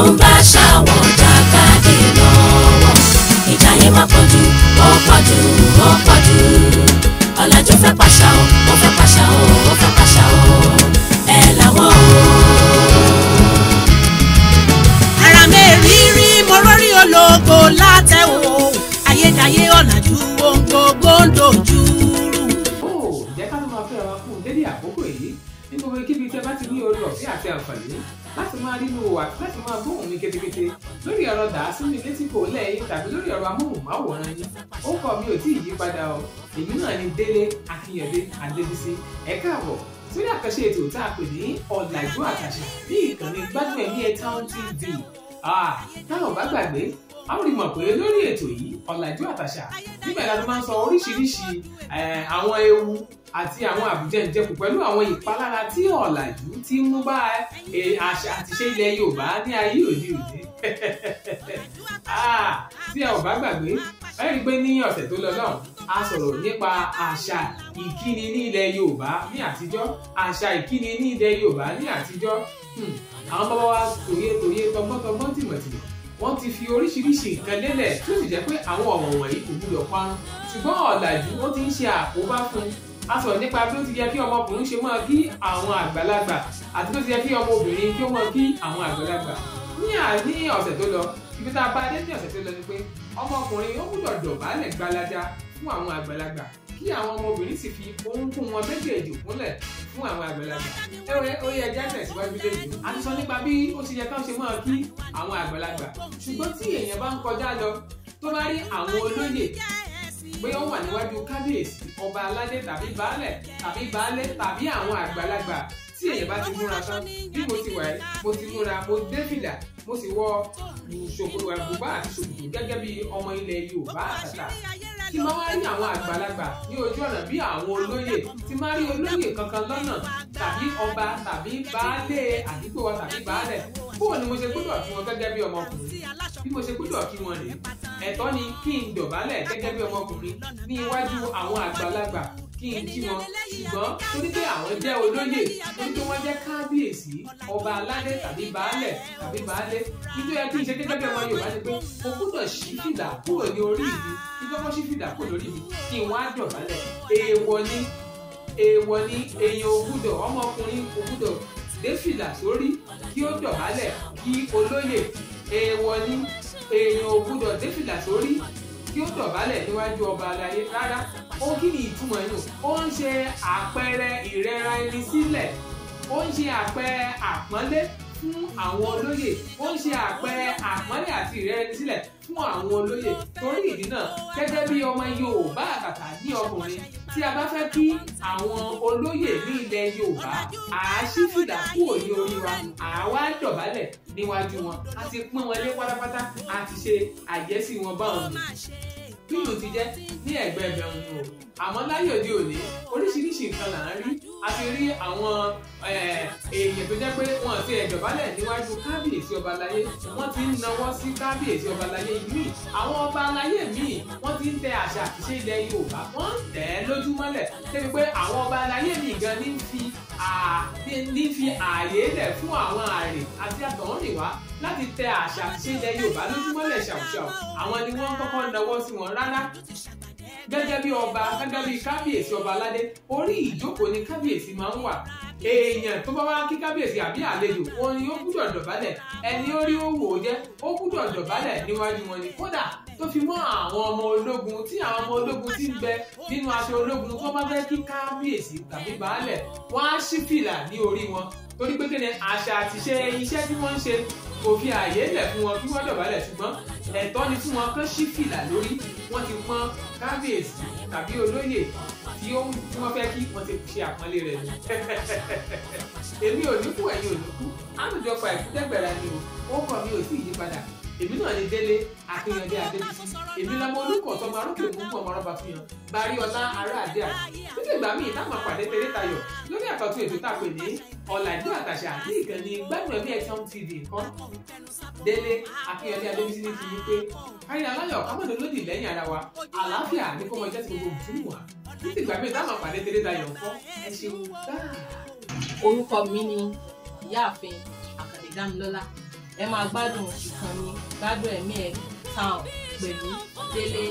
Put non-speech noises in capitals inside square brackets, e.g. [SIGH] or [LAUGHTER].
ló ń bá ṣàwọn jàkadì lọ́wọ́ ìjà yẹn máa pọ̀ jù ó pọ̀ jù ó pọ̀ jù ọ̀làjú fẹ́ pàṣà ó ó fẹ́ pàṣà ó ó fẹ́ pàṣà ó ẹ̀ làwọn o. ara mi rírí mo rọrí ológo látẹ̀wò ayédáyé ọ̀làjú ohun gbogbo ń dojú rú. ó jẹ́ ká ló máa fẹ́ra wa fún un dédé àkókò yìí ní gbogbo ikíbi tẹ́ bá ti ní orí ọ̀fẹ́ àti àǹfààní láti máa nínú wa láti máa gbóhùn mi ketekete lórí ẹ̀rọ dàásùn mi létí kò lẹ́yìn tàbí lórí ẹ̀rọ amóhùnmáwòrán yín ó kọ́ mi ò tí ì yípadà o èmi náà ni Délé Akínyẹ̀dé Adébísí ẹ káàbọ̀ sórí àkànṣe ètò tá a pè ní ọ̀làjú àkàṣà ní ìkànnì Gbádùn ẹ̀mí ẹ̀ Town TV táwọn bá gbàgbé a ó rí mọ̀ pé lórí ètò yìí ọ̀làjú àtàṣà nígbà ìlànà máa ń sọ oríṣiríṣi àwọn ewu àti àwọn àbújẹ́njẹkù pẹ̀lú àwọn ìpalára tí ọ̀làjú ti ń mú bá àṣà àtiṣe ilẹ̀ Yorùbá ní ayé òde òde [LAUGHS] tí ẹ ò bá gbàgbé ẹ rí i pé ní ọ̀sẹ̀ tó lọ lọ́hùn a sọ̀rọ̀ nípa àṣà ìkíni ní ilẹ̀ Yorùbá ní àtijọ́ àṣà ìkíni ní ilẹ̀ Yorùbá ní àtijọ́ hmm, àwọn bàbá wa tòye tòye tọgbọ́ntọgbọ́n tìmọ̀tìmọ̀ wọ́n ti fi oríṣiríṣi nǹkan lélẹ̀ tó sì jẹ́ pé àwọn ọ̀ràn wọ̀nyí kò gbúdọ̀ parun ṣùgbọ́n ọ̀làjú ó ti ń ṣe àkóbá fún un a sọ̀rọ̀ nípa bí ó ti yẹ kí ọmọkùnrin ṣe máa kí àwọn àgbàlagbà àti bí ó ti yẹ kí ọmọbìnrin kí ó máa kí àwọn àgbàlagbà ní ọ̀sẹ̀ tó lọ ibi tá ní ọ̀sẹ̀ tó lọ ni pé ọmọkùnrin ó gbúdọ̀ dọ̀bálẹ̀ gbalaja fún àwọn àgbàlagbà kí àwọn ọmọbìnrin sì fi orúnkún wọn méjèèjì kúnlẹ̀ fún àwọn àgbàlagbà ẹwẹ ó yẹ ẹjẹ tẹ̀síwájú lẹ́yìn a ti sọ nípa bí ó ti yẹ ká ṣe máa kí àwọn àgbàlagbà ṣùgbọ́n tí èèyàn bá ń kọjá lọ tó bá rí àwọn olóyè pé ó wà níwájú kábíyèsí ọba aládé tàbí baálẹ̀ tàbí baálé tàbí àwọn àgbàlagbà tí èèyàn bá ti múra tán bí mo ti wà ẹ́ mo ti múra mo dé fìlà mo sì wọ ṣòkòtò àbùbá àti ṣòkòtò gẹ́gẹ́ bí ọmọ ilẹ̀ Yorùbá àtàtà tí máa wá ní àwọn àgbàlagbà ní ojú ọ̀nà bí àwọn olóyè tí máa rí olóyè kankan lọ́nà tàbí ọba tàbí baálé àdúgbò wa tàbí baálẹ̀ bóò ni mo ṣe gbọ́dọ̀ kí wọn gẹ́gẹ́ bí ọmọkùnrin bí mo ṣe gbọ́dọ̀ kí wọn rèé ẹ̀tọ́ ni kí n dọ̀bálẹ̀ gẹ́gẹ́ bí ọmọkùnrin ní iwájú àwọn àgbàlagbà kí n jí wọn ṣùgbọ́n torí pé àwọn jẹ́ olóyè torí pé wọ́n jẹ́ kábíyèsí ọba aládé tàbí baálẹ̀ tàbí baálé nítorí ẹ kí n ṣe gẹ́gẹ́ bí ọmọ Yorùbá ṣe pé mo gbúdọ̀ ṣí fìdà kúrò ní orí ibi kí lọ́kọ́ ṣí fìdà kúrò lórí ibi kí n wá dọ̀bálẹ̀ èèwọ̀ ni èèwọ̀ ni èèyàn ògùdọ̀ ọmọkùnrin ògùdọ̀ dé fìlà sórí kí ó dọ̀bálẹ̀ kí olóyè èèwọ̀ ni èèyàn ògùdọ̀ dé fìlà sórí kí ó dọ̀bálẹ̀ níwájú ọba aláyé rárá ó kí ni ìtumọ̀ inú ó ń ṣe àpẹẹrẹ ìrẹra ẹni sílẹ̀ ó ń ṣe àpẹẹrẹ àpọ́nlé fún àwọn olóyè ó ń ṣe àpẹẹrẹ àpọ́nlé àti ìrẹ́ni sílẹ̀ fún àwọn olóyè torí ìdí náà gẹ́gẹ́ bí ọmọ Yorùbá àtàtà ní ọkùnrin tí a bá fẹ́ kí àwọn olóyè ní ilẹ̀ Yorùbá àáṣí fìdá kúrò ní orí wa àwa dọ̀bálẹ̀ níwájú wọn a ti pín wọn lé pátápátá a ti ṣe àjẹsí wọn báwọn ni bí ìlú ti jẹ́ ní ẹ̀gbẹ́ ẹ̀bẹ̀ ń wò àmọ́ láyé òde òní oríṣiríṣi nǹkan là ń rí a ti rí àwọn èèyàn tó jẹ́ pé wọ́n ti ẹ̀dọ̀bálẹ̀ níwájú kábíyèsí ọba láyé wọ́n ti ń nawọ́ sí kábíyèsí ọba láyé míì àwọn ọba láyé míì wọ́n ti ń tẹ àṣà àtìṣe ilẹ̀ Yorùbá wọ́n ń tẹ̀ ẹ́ lójú mọ́lẹ̀ débi pé àwọn ọba láyé míì gan ní fi ààyè lẹ̀ fún àwọn àrè àti àtọ̀húnrìnwá láti tẹ àṣà àtiṣe ilẹ̀ Yorùbá lójúmọ́lẹ̀ ṣàwùṣàwù àwọn ni wọ́n kọ́kọ́ nawọ́ sí wọn rárá gẹ́gẹ́ bí ọba gẹ́gẹ́ bí kábíyèsí ọba aládé orí ìjókòó ni kábíyèsí máa ń wà èèyàn tó bá wá kí kábíyèsí àbí àlejò wọn ni ó gbúdọ̀ dọ̀bálẹ̀ ẹni ó rí owó jẹ́ ó gbúdọ̀ dọ̀bálẹ̀ níwájú wọn ni kódà tó fi mọ́ àwọn ọmọ ológun tí àwọn ọmọ ológun ti ń bẹ nínú aṣọ ológun tó bá fẹ́ kí kábíyèsí tàbí baálẹ̀ wọ́n á ṣí fìlà ní orí wọn torí pé kí ni àṣà àtiṣe iṣẹ́ tí wọ́n ń ṣe kò fi ààyè lẹ̀ fún wọn kí wọ́n dọ̀bálẹ̀ ṣùgbọ́n ẹ̀tọ́ ni fún wọn kán ṣí fìlà lórí wọ́n ti pọ́n kábíyèsí tàbí olóyè tí ó tí wọ́n fẹ́ kí wọ́n ti ṣe àpọ́nlé rẹ̀ ni. [LAUGHS] èmi ò ní kú ẹ̀yin ò ní kú àmì ìjọba ìkúdẹ́gbẹ̀rẹ̀ ni o ó kọ́ mi ò tí ì yípadà èmi náà ni délé akínyànjẹ adébísí èmi lọmọ olùkọ tọmọ arókè ògúngun ọmọ ọba fi hàn bari ọlá ará àdé àti títí ìgbà míì táwọn àpàdé tẹlẹ tayọ lórí àkọtún ètò tá a pè ní ọ̀làjú àtàṣà ní ìkànnì gbádùn ẹbí ẹtàn tv nǹkan délé akínyànjẹ adébísí ní ti yí pé káyọ̀ aláyọ̀ kámọ̀dé lódì lẹ́yìn ara wa àlàáfíà ní kọ́mọ jẹ́ ti gbogbo òtún wà títí ìgbà míì táwọn àpàdé tẹlẹ tayọ nǹkan ẹ ni ìyáàfin àkàndé dámilọ́lá ẹ máa gbádùn ìkànnì gbádùn ẹ̀mí ẹ̀ town pẹ̀lú Délé.